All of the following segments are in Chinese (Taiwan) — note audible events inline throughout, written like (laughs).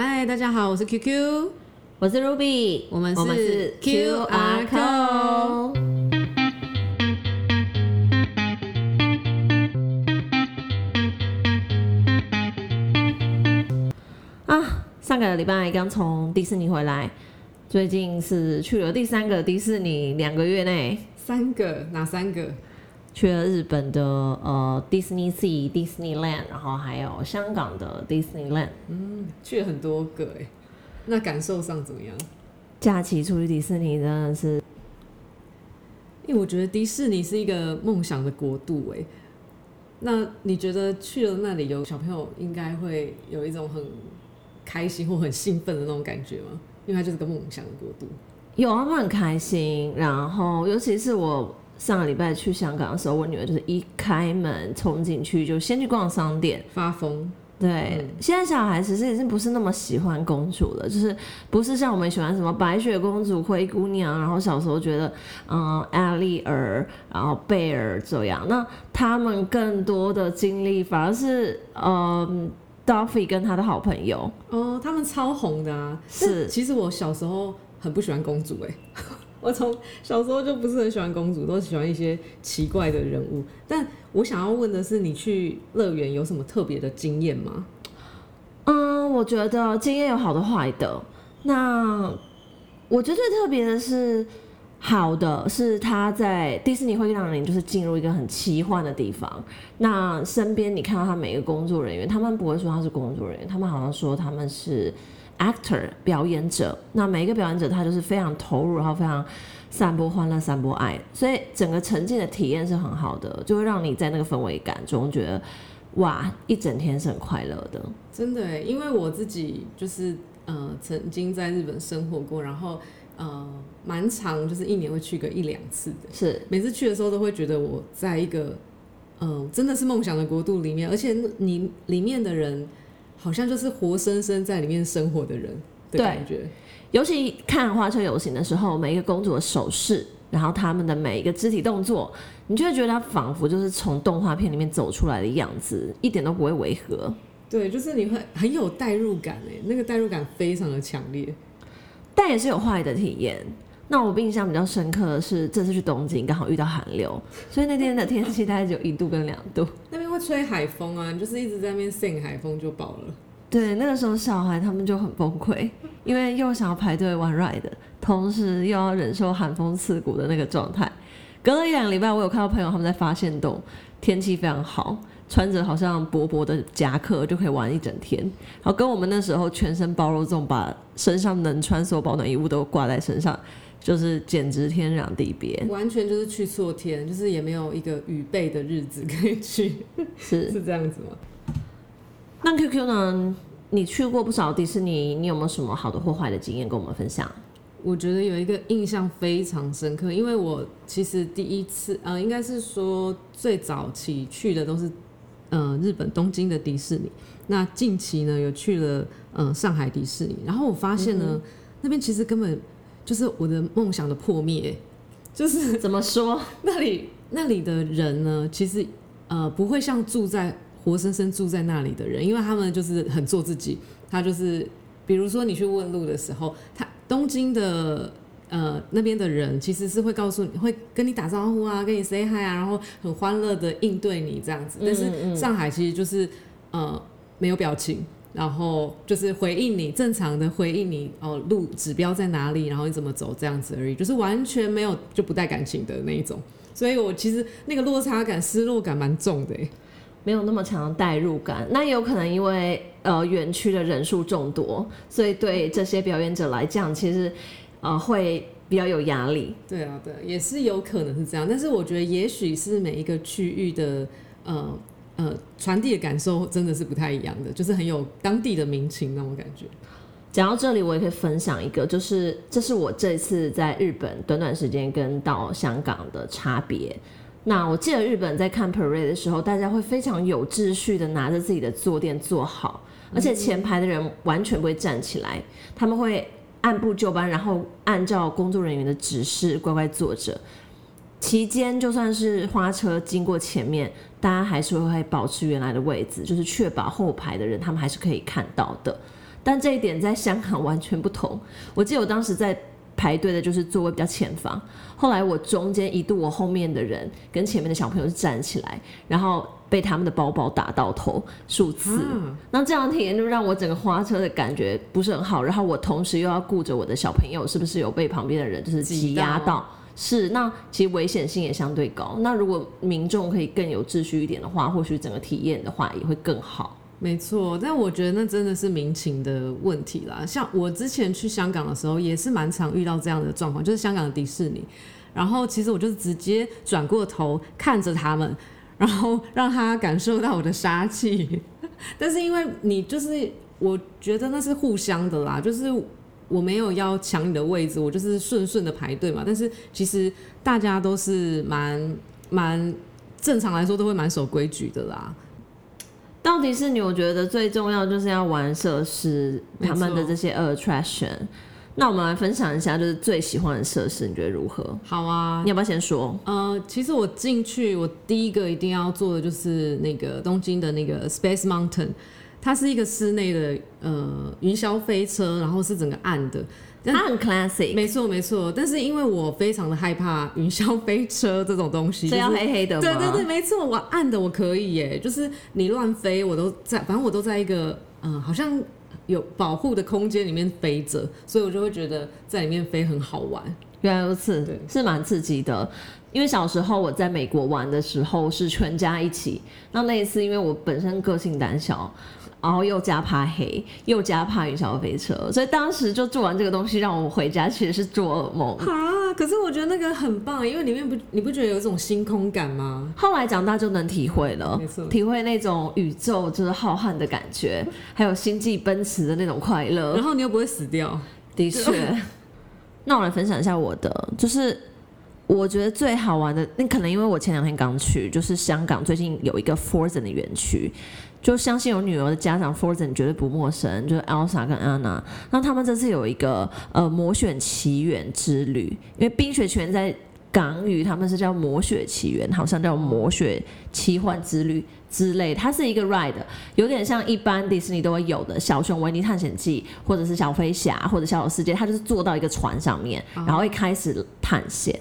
嗨，Hi, 大家好，我是 QQ，我是 Ruby，我們是 QR Code, 是 QR Code。啊，上個禮拜剛從迪士尼回來，最近是去了第三個迪士尼，兩個月內三個，哪三個？去了日本的呃 Disney Sea、Disneyland，然後還有香港的 Disneyland。嗯，去了很多個誒。那感受上怎麼樣？假期出去迪士尼真的是，因為我覺得迪士尼是一個夢想的國度誒。那你覺得去了那裡，有小朋友應該會有一種很開心或很興奮的那種感覺嗎？因為它就是個夢想的國度。有啊，他們很開心，然後尤其是我。上個禮拜去香港的時候，我女兒就是一開門衝進去，就先去逛商店，發瘋瘋。對，嗯、現在小孩其實已經不是那麼喜歡公主了，就是不是像我們喜歡什麼白雪公主、灰姑娘，然後小時候覺得嗯艾麗兒、然後貝兒這樣。那他們更多的經歷反而是呃 Duffy 跟他的好朋友。哦，他們超紅的、啊。是，其實我小時候很不喜歡公主、欸，哎。我從小時候就不是很喜歡公主，都喜歡一些奇怪的人物。但我想要問的是，你去樂園有什麼特別的經驗嗎？嗯，我覺得經驗有好的壞的。那我覺得最特別的是好的是，他在迪士尼會讓人就是進入一個很奇幻的地方。那身邊你看到他每個工作人員，他們不會說他是工作人員，他們好像說他們是。actor 表演者，那每一個表演者他就是非常投入，然後非常散播歡樂、散播愛，所以整個沉浸的體驗是很好的，就會讓你在那個氛圍感中覺得哇，一整天是很快樂的。真的，因為我自己就是呃曾經在日本生活過，然後呃蠻長，就是一年會去個一兩次的。是每次去的時候都會覺得我在一個、呃、真的是夢想的國度裡面，而且你裡面的人。好像就是活生生在裡面生活的人的感覺。尤其看花車遊行的時候，每一個公主的手勢，然後他們的每一個肢體動作，你就會覺得他仿佛就是從動畫片裡面走出來的樣子，一點都不會違和。對，就是你會很有代入感、欸、那個代入感非常的強烈。但也是有壞的體驗。那我印象比較深刻的是，這次去東京剛好遇到寒流，所以那天的天氣大概只有一度跟兩度。那邊會吹海風啊，你就是一直在那邊 sing，海風就飽了。對，那個時候小孩他們就很崩潰，因為又想要排隊玩 ride，同時又要忍受寒風刺骨的那個狀態。隔了一兩個禮拜，我有看到朋友他們在發現動，天氣非常好，穿着好像薄薄的夾克就可以玩一整天。然後跟我們那時候全身包肉粽，把身上能穿所有保暖衣物都掛在身上。就是簡直天壤地別，完全就是去錯天，就是也沒有一個預備的日子可以去是，是是這樣子嗎？那 Q Q 呢？你去過不少的迪士尼，你有沒有什麼好的或壞的經驗跟我們分享？我覺得有一個印象非常深刻，因為我其實第一次，呃，應該是說最早期去的都是，呃，日本東京的迪士尼。那近期呢，有去了，呃，上海迪士尼。然後我發現呢，嗯嗯，那邊其實根本。就是我的夢想的破滅，就是怎麼說？那裡那裡的人呢？其實，呃，不會像住在活生生住在那裡的人，因為他們就是很做自己。他就是，比如說你去問路的時候，他東京的呃那邊的人其實是會告訴你，會跟你打招呼啊，跟你 say hi 啊，然後很歡樂的應對你這樣子。但是上海其實就是呃沒有表情。然後就是回應你，正常的回應你哦，路指標在哪裡？然後你怎麼走？這樣子而已，就是完全沒有就不帶感情的那一種。所以我其實那個落差感、失落感蠻重的，沒有那麼強的代入感。那有可能因為呃園區的人數眾多，所以對這些表演者來講，其實呃會比較有壓力。對啊，對，也是有可能是這樣。但是我覺得也許是每一個區域的呃。呃，傳遞的感受真的是不太一樣的，就是很有當地的民情那種感覺。講到這裡，我也可以分享一個，就是這是我這一次在日本短短時間跟到香港的差別。那我記得日本在看 parade 的時候，大家會非常有秩序的拿着自己的坐墊坐好，而且前排的人完全不會站起來，他們會按部就班，然後按照工作人員的指示乖乖坐着。期間就算是花車經過前面，大家還是會保持原來的位置，就是確保後排的人他們還是可以看到的。但這一點在香港完全不同。我記得我當時在排隊的就是座位比較前方，後來我中間一度我後面的人跟前面的小朋友是站起來，然後被他們的包包打到頭數次。嗯、那這樣體驗就讓我整個花車的感覺不是很好，然後我同時又要顧着我的小朋友是不是有被旁邊的人就是擠壓到。是，那其實危險性也相對高。那如果民眾可以更有秩序一點的話，或許整個體驗的話也會更好。沒錯，但我覺得那真的是民情的問題啦。像我之前去香港的時候，也是蠻常遇到這樣的狀況，就是香港的迪士尼。然後其實我就是直接轉過頭看着他們，然後讓他感受到我的殺氣。但是因為你就是，我覺得那是互相的啦，就是。我沒有要搶你的位置，我就是順順的排隊嘛。但是其實大家都是蠻蠻正常來說都會蠻守規矩的啦。到迪士尼，我覺得最重要就是要玩設施，他們的這些 attraction 沒錯。那我們來分享一下，就是最喜歡的設施，你覺得如何？好啊，你要不要先說？呃，其實我進去，我第一個一定要做的就是那個東京的那個 Space Mountain。它是一個室內的呃雲霄飛車，然後是整個暗的，它很 classic。沒錯沒錯，但是因為我非常的害怕雲霄飛車這種東西，所以要黑黑的。對對對，沒錯，我暗的我可以耶，就是你亂飛，我都在，反正我都在一個嗯好像有保護的空間裡面飛着，所以我就會覺得在裡面飛很好玩。原來如此，對，是蠻刺激的。因為小時候我在美國玩的時候是全家一起，那那一次因為我本身個性膽小。然後又加怕黑，又加怕雲霄飛車，所以當時就做完這個東西，讓我們回家其實是做噩夢。啊！可是我覺得那個很棒，因為裡面不你不覺得有一種星空感嗎？後來長大就能體會了，沒錯，體會那種宇宙就是浩瀚的感覺，還有星際奔馳的那種快樂。然後你又不會死掉，的確。 (laughs) 那我來分享一下我的，就是我覺得最好玩的，那可能因為我前兩天剛去，就是香港最近有一個 Frozen 的園區。就相信有女兒的家長，Frozen 絕對不陌生。就是 Elsa 跟 Anna，那他們這次有一個呃《魔雪奇緣》之旅，因為冰雪奇緣在港語他們是叫《魔雪奇緣》，好像叫《魔雪奇幻之旅》之類。它是一個 ride，有點像一般迪士尼都會有的《小熊維尼探險記》，或者是《小飛俠》，或者《小小世界》，它就是坐到一個船上面，然後一開始探險。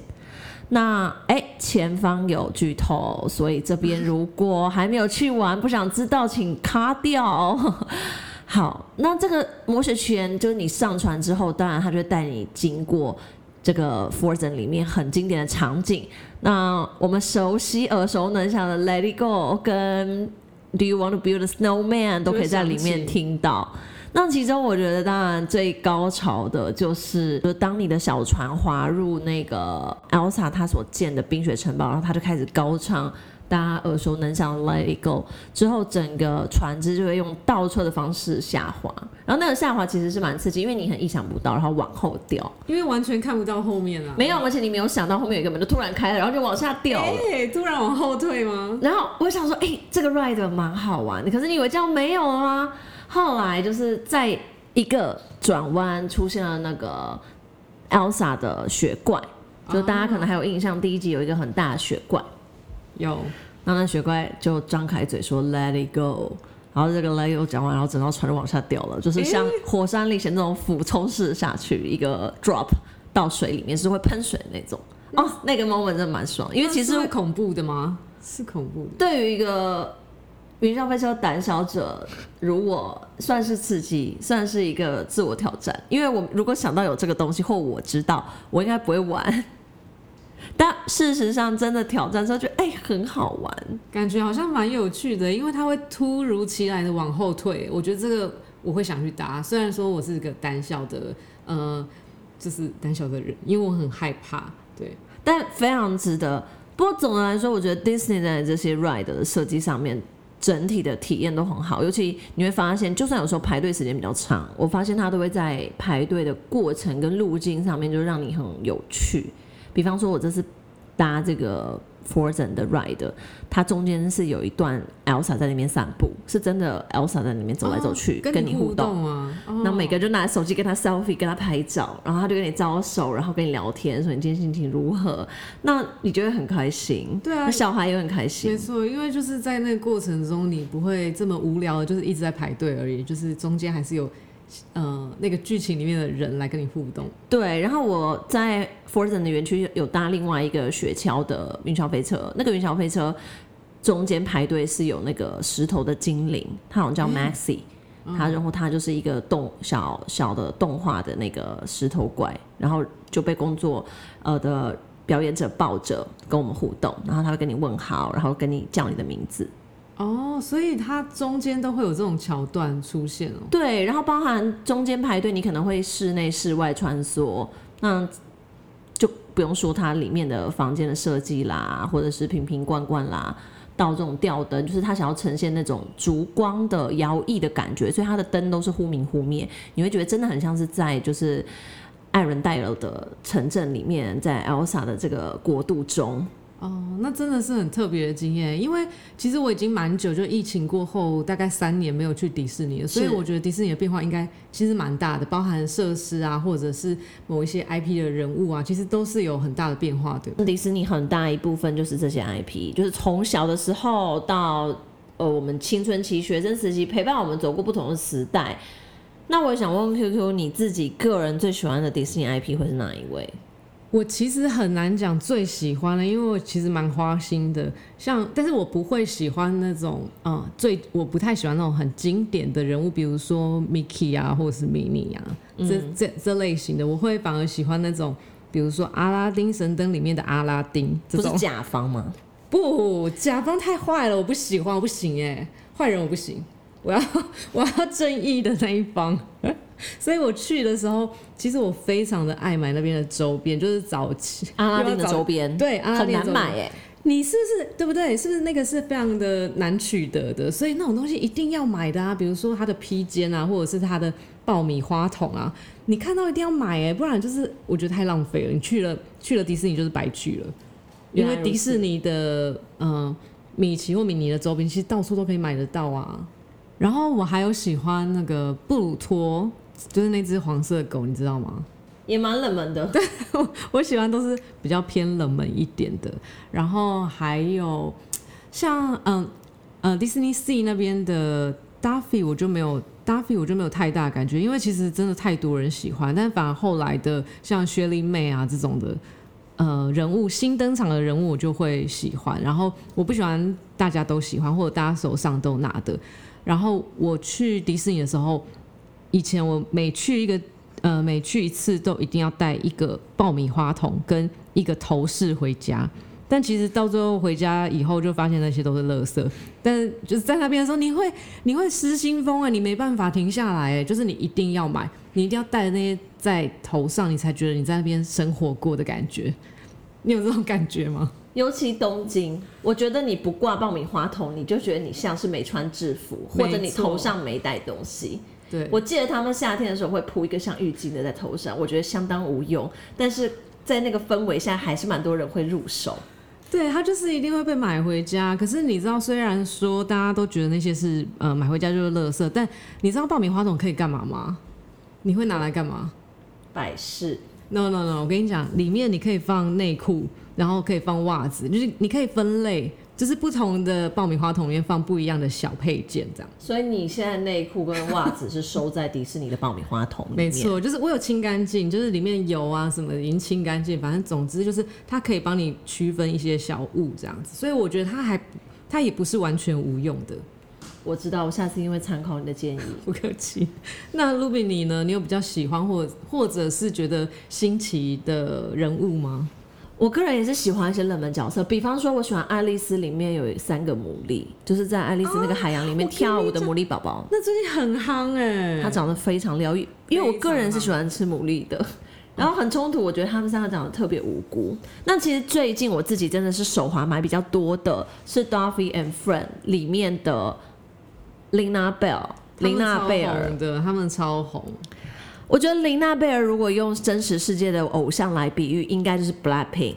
那哎，前方有巨頭，所以這邊如果還沒有去玩，不想知道，請卡掉、哦。 (laughs) 好，那這個魔式圈就是你上船之後，當然它就帶你經過這個 Frozen 裡面很經典的場景。那我們熟悉耳熟能詳的《Let It Go》跟《Do You Want to Build a Snowman》都可以在裡面聽到。那其中我覺得當然最高潮的就是，就是當你的小船滑入那個 Elsa 他所建的冰雪城堡，然後他就開始高唱大家耳熟能詳的 Let It Go，之後整個船隻就會用倒車的方式下滑，然後那個下滑其實是蠻刺激，因為你很意想不到，然後往後掉，因為完全看不到後面啊。沒有，而且你沒有想到後面有一個門就突然開了，然後就往下掉哎、欸，突然往後退嗎？然後我想說，哎、欸，這個 ride 蠻好玩的，可是你以為這樣沒有嗎？後來就是在一個轉彎出現了那個 Elsa 的雪怪，uh huh. 就大家可能還有印象，第一集有一個很大的雪怪。有，Yo. 那那雪怪就張開嘴說 Let it go，然後這個 Let it go 講完，然後整艘船就往下掉了，就是像火山歷險那種俯衝式下去，一個 drop 到水裡面是會噴水的那種。哦，那個 moment 真蠻爽，因為其實是會恐怖的嗎？是恐怖。對於一個雲上飛車，膽小者如我算是刺激，算是一個自我挑戰，因為我如果想到有這個東西，或我知道，我應該不會玩。但事實上，真的挑戰之後，覺得哎、欸，很好玩，感覺好像蠻有趣的，因為它會突如其來的往後退。我覺得這個我會想去搭，雖然說我是一個膽小的，呃，就是膽小的人，因為我很害怕，對。但非常值得。不過總的來說，我覺得迪士尼在這些 ride 的設計上面。整體的體驗都很好，尤其你會發現，就算有時候排隊時間比較長，我發現它都會在排隊的過程跟路徑上面就讓你很有趣。比方說，我這次搭這個。Frozen 的 ride，它中間是有一段 Elsa 在那邊散步，是真的 Elsa 在那邊走來走去、哦跟哦，跟你互動啊。那每個人就拿手機跟他 selfie，跟他拍照，哦、然後他就跟你招手，然後跟你聊天，說你今天心情如何？那你就會很開心，對啊，小孩也很開心。沒錯，因為就是在那個過程中，你不會這麼無聊，就是一直在排隊而已，就是中間還是有。呃，那個劇情裡面的人來跟你互動。對，然後我在 Frozen 的園區有搭另外一個雪橇的雲霄飛車，那個雲霄飛車中間排隊是有那個石頭的精靈，他好像叫 Maxi、嗯嗯、他然、就、後、是、他就是一個動小小的動畫的那個石頭怪，然後就被工作呃的表演者抱着跟我們互動，然後他會跟你問好，然後跟你講你的名字。哦，oh, 所以它中間都會有這種橋段出現哦。對，然後包含中間排隊，你可能會室內室外穿梭。那就不用說它裡面的房間的設計啦，或者是瓶瓶罐罐啦，到這種吊燈，就是他想要呈現那種燭光的搖曳的感覺，所以他的燈都是忽明忽滅，你會覺得真的很像是在就是艾倫戴爾的城鎮裡面，在 Elsa 的這個國度中。哦，oh, 那真的是很特別的經驗，因為其實我已經蠻久，就疫情過後大概三年沒有去迪士尼了，是所以我覺得迪士尼的變化應該其實蠻大的，包含設施啊，或者是某一些 IP 的人物啊，其實都是有很大的變化的。對，迪士尼很大一部分就是這些 IP，就是從小的時候到呃我們青春期、學生時期，陪伴我們走過不同的時代。那我也想問 QQ，你自己個人最喜歡的迪士尼 IP 會是哪一位？我其實很難講最喜歡的，因為我其實蠻花心的。像，但是我不會喜歡那種，啊、嗯，最我不太喜歡那種很經典的人物，比如說 Mickey 啊，或者是 Minnie 啊，嗯、這這這類型的，我會反而喜歡那種，比如說《阿拉丁神燈》裡面的阿拉丁。這種不是賈方嗎？不，賈方太壞了，我不喜歡，我不行耶，壞人我不行。我要我要正義的那一方， (laughs) 所以我去的時候，其實我非常的愛買那邊的周邊，就是早期阿拉丁的周邊，對，很難買哎、欸。你是不是對不對？是不是那個是非常的難取得的？所以那種東西一定要買的啊，比如說它的披肩啊，或者是它的爆米花桶啊，你看到一定要買哎、欸，不然就是我覺得太浪費了。你去了去了迪士尼就是白去了，因為迪士尼的嗯、呃、米奇或米妮的周邊其實到處都可以買得到啊。然後我還有喜歡那個布魯托，就是那只黃色狗，你知道嗎？也蠻冷門的。對， (laughs) 我喜歡都是比較偏冷門一點的。然後還有像嗯呃,呃迪士尼 Sea 那邊的 Duffy 我就沒有 Duffy 我就沒有太大感覺，因為其實真的太多人喜歡。但反而後來的像雪莉玫啊這種的呃人物，新登場的人物我就會喜歡。然後我不喜歡大家都喜歡或者大家手上都拿的。然後我去迪士尼的時候，以前我每去一個呃每去一次都一定要帶一個爆米花桶跟一個頭飾回家，但其實到最後回家以後就發現那些都是垃圾。但是就是在那邊的時候，你會你會失心瘋啊，你沒辦法停下來，就是你一定要買，你一定要帶着那些在頭上，你才覺得你在那邊生活過的感覺。你有這種感覺嗎？尤其東京，我覺得你不掛爆米花筒，你就覺得你像是沒穿制服，沒錯，或者你頭上沒戴東西。對，我記得他們夏天的時候會鋪一個像浴巾的在頭上，我覺得相當無用，但是在那個氛圍下，還是蠻多人會入手。對，他就是一定會被買回家。可是你知道，雖然說大家都覺得那些是呃買回家就是垃圾，但你知道爆米花筒可以幹嘛嗎？你會拿來幹嘛？擺飾。No No No，我跟你講，裡面你可以放內褲。然後可以放襪子，就是你可以分類，就是不同的爆米花桶裡面放不一樣的小配件這樣。所以你現在內褲跟襪子是收在迪士尼的爆米花桶裡面。 (laughs) 沒錯，就是我有清乾淨，就是裡面油啊什麼，已經清乾淨。反正總之就是它可以幫你區分一些小物這樣子。所以我覺得它還，它也不是完全無用的。 (laughs) 我知道，我下次一定會參考你的建議。 (laughs) 不客氣。那盧比你呢？你有比較喜歡或或者是覺得新奇的人物嗎？我個人也是喜歡一些冷門角色，比方說，我喜歡《愛麗絲》裡面有三個牡蠣，就是在愛麗絲那個海洋裡面跳舞的牡蠣寶寶，啊。那最近很夯哎，她長得非常療癒，因為我個人是喜歡吃牡蠣的。然後很衝突，我覺得他們三個長得特別無辜。啊、那其實最近我自己真的是手滑買比較多的，是《Duffy and Friends》裡面的玲娜貝爾，玲娜貝爾的他們超紅。我覺得玲娜貝爾如果用真實世界的偶像來比喻，應該就是 Blackpink，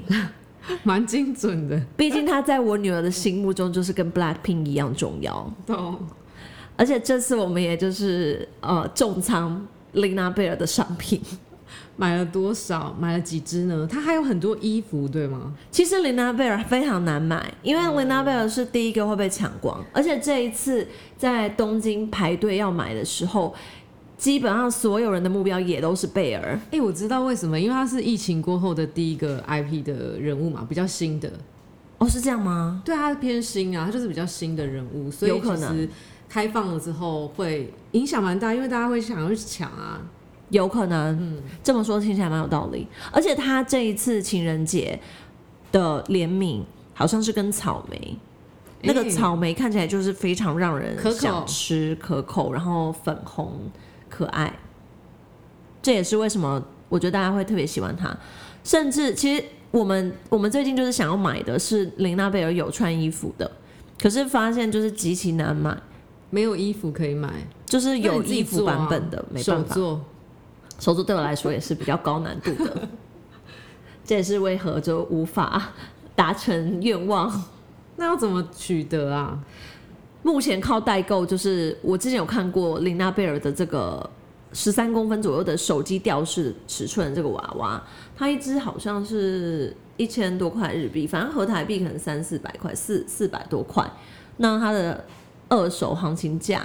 蠻精準的。畢竟她在我女兒的心目中就是跟 Blackpink 一樣重要。對、哦，而且這次我們也就是呃重倉玲娜貝爾的商品，買了多少？買了幾隻呢？她還有很多衣服，對嗎？其實玲娜貝爾非常難買，因為玲娜貝爾是第一個會被搶光。而且這一次在東京排隊要買的時候。基本上所有人的目標也都是貝爾。哎、欸，我知道為什麼，因為他是疫情過後的第一個 IP 的人物嘛，比較新的。哦，是這樣嗎？對啊，他偏新啊，他就是比較新的人物，所以有可能開放了之後會影響蠻大，因為大家會想要去搶啊。有可能，嗯、這麼說聽起來蠻有道理。而且他這一次情人節的聯名好像是跟草莓，欸、那個草莓看起來就是非常讓人想吃可口，可口然後粉紅。可愛，這也是為什麼我覺得大家會特別喜歡它。甚至，其實我們我們最近就是想要買的是玲娜貝爾有穿衣服的，可是發現就是極其難買，沒有衣服可以買，就是有衣服版本的，做啊、沒辦法。手作，手作對我來說也是比較高難度的， (laughs) 這也是為何就無法達成願望。 (laughs) 那要怎麼取得啊？目前靠代購，就是我之前有看過林娜貝爾的這個十三公分左右的手機吊飾尺寸，這個娃娃，它一只好像是一千多塊日幣，反正合台幣可能三四百塊，四四百多塊。那它的二手行情價、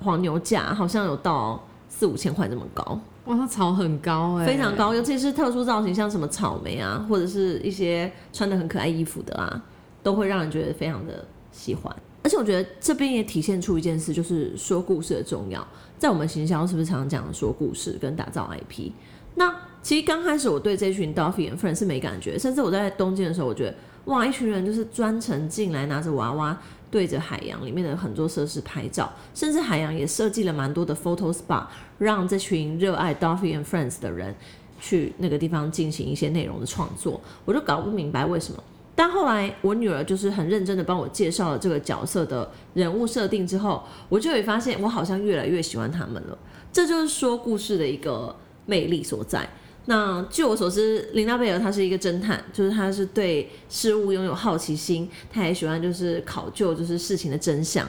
黃牛價好像有到四五千塊這麼高。哇，它炒很高哎、欸，非常高，尤其是特殊造型，像什麼草莓啊，或者是一些穿的很可愛衣服的啊，都會讓人覺得非常的喜歡。而且我覺得這邊也體現出一件事，就是說故事的重要。在我們行銷是不是常常講說故事跟打造 IP？那其實剛開始我對這群 Duffy and Friends 是沒感覺，甚至我在東京的時候，我覺得哇，一群人就是專程進來，拿着娃娃對着海洋裡面的很多設施拍照，甚至海洋也設計了蠻多的 photo spot，讓這群熱愛 Duffy and Friends 的人去那個地方進行一些內容的創作。我就搞不明白為什麼。但後來，我女兒就是很認真的幫我介紹了這個角色的人物設定之後，我就會發現我好像越來越喜歡他們了。這就是說故事的一個魅力所在。那據我所知，玲娜貝爾她是一個偵探，就是她是對事物擁有好奇心，她也喜歡就是考究就是事情的真相。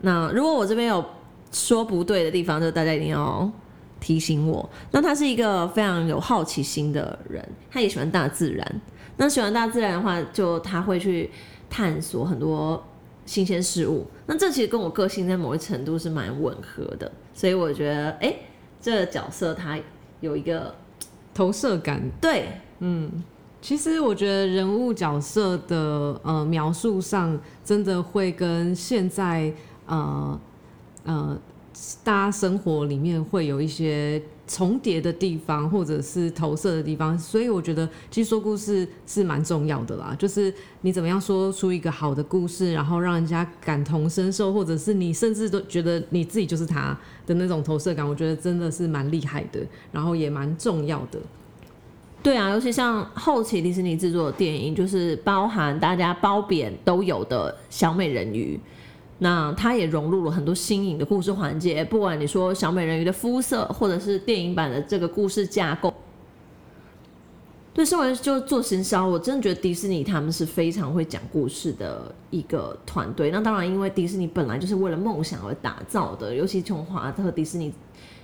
那如果我這邊有說不對的地方，就大家一定要提醒我。那她是一個非常有好奇心的人，她也喜歡大自然。那喜歡大自然的話，就他會去探索很多新鮮事物。那這其實跟我個性在某一程度是蠻吻合的，所以我覺得，哎、欸，這個角色他有一個投射感。對，嗯，其實我覺得人物角色的呃描述上，真的會跟現在呃呃大家生活裡面會有一些。重疊的地方，或者是投射的地方，所以我覺得，其實說故事是蠻重要的啦。就是你怎麼樣說出一個好的故事，然後讓人家感同身受，或者是你甚至都覺得你自己就是他的那種投射感，我覺得真的是蠻厲害的，然後也蠻重要的。對啊，尤其像後期迪士尼製作的電影，就是包含大家褒貶都有的《小美人魚》。那它也融入了很多新穎的故事環節，不管你說小美人魚的膚色，或者是電影版的這個故事架構。對，身為就做行銷，我真的覺得迪士尼他們是非常會講故事的一個團隊。那當然，因為迪士尼本來就是為了夢想而打造的，尤其從華特迪士尼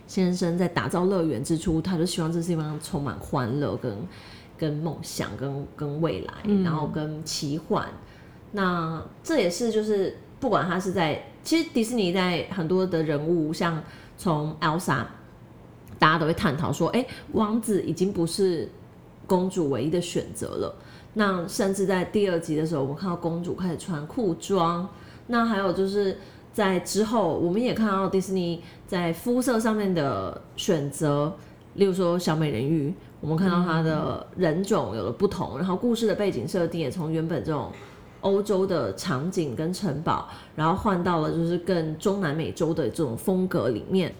先生在打造樂園之初，他就希望這地方充滿歡樂跟跟夢想、跟跟未來，嗯、然後跟奇幻。那這也是就是。不管他是在，其實迪士尼在很多的人物，像從 Elsa，大家都會探討說，哎，王子已經不是公主唯一的選擇了。那甚至在第二集的時候，我們看到公主開始穿褲裝。那還有就是在之後，我們也看到迪士尼在膚色上面的選擇，例如說小美人魚，我們看到她的人種有了不同，嗯、然後故事的背景設定也從原本這種。歐洲的場景跟城堡，然後換到了就是更中南美洲的這種風格裡面。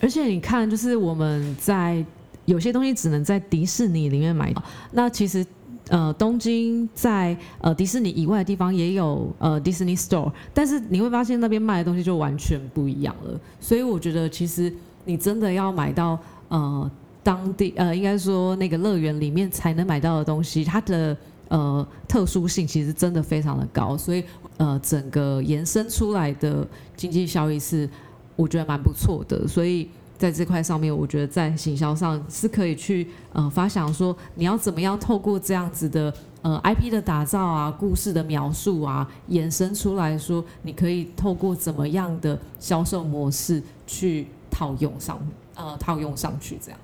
而且你看，就是我們在有些東西只能在迪士尼裡面買。那其實，呃，東京在呃迪士尼以外的地方也有呃 Disney Store，但是你會發現那邊賣的東西就完全不一樣了。所以我覺得，其實你真的要買到呃當地呃應該說那個樂園裡面才能買到的東西，它的。呃，特殊性其實真的非常的高，所以呃，整個延伸出來的經濟效益是我覺得蠻不錯的，所以在這塊上面，我覺得在行銷上是可以去呃發想說，你要怎麼樣透過這樣子的呃 IP 的打造啊、故事的描述啊，延伸出來說，你可以透過怎麼樣的銷售模式去套用上，呃，套用上去這樣。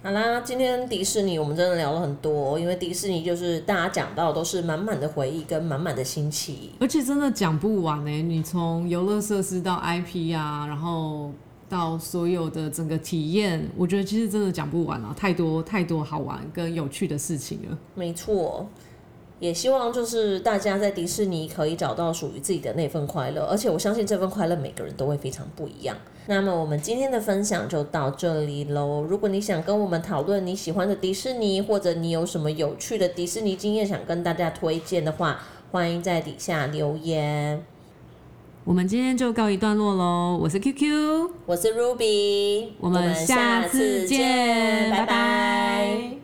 好啦，今天迪士尼我們真的聊了很多，因為迪士尼就是大家講到都是滿滿的回憶跟滿滿的新奇，而且真的講不完哎、欸！你從遊樂設施到 IP 啊、然後到所有的整個體驗，我覺得其實真的講不完了，太多太多好玩跟有趣的事情了。沒錯，也希望就是大家在迪士尼可以找到屬於自己的那份快樂，而且我相信這份快樂每個人都會非常不一樣。那麼我們今天的分享就到這裡嘍。如果你想跟我們討論你喜歡的迪士尼，或者你有什麼有趣的迪士尼經驗，想跟大家推薦的話，歡迎在底下留言。我們今天就告一段落嘍。我是 Q Q，我是 Ruby，我們下次見，我們下次見，拜拜。拜拜。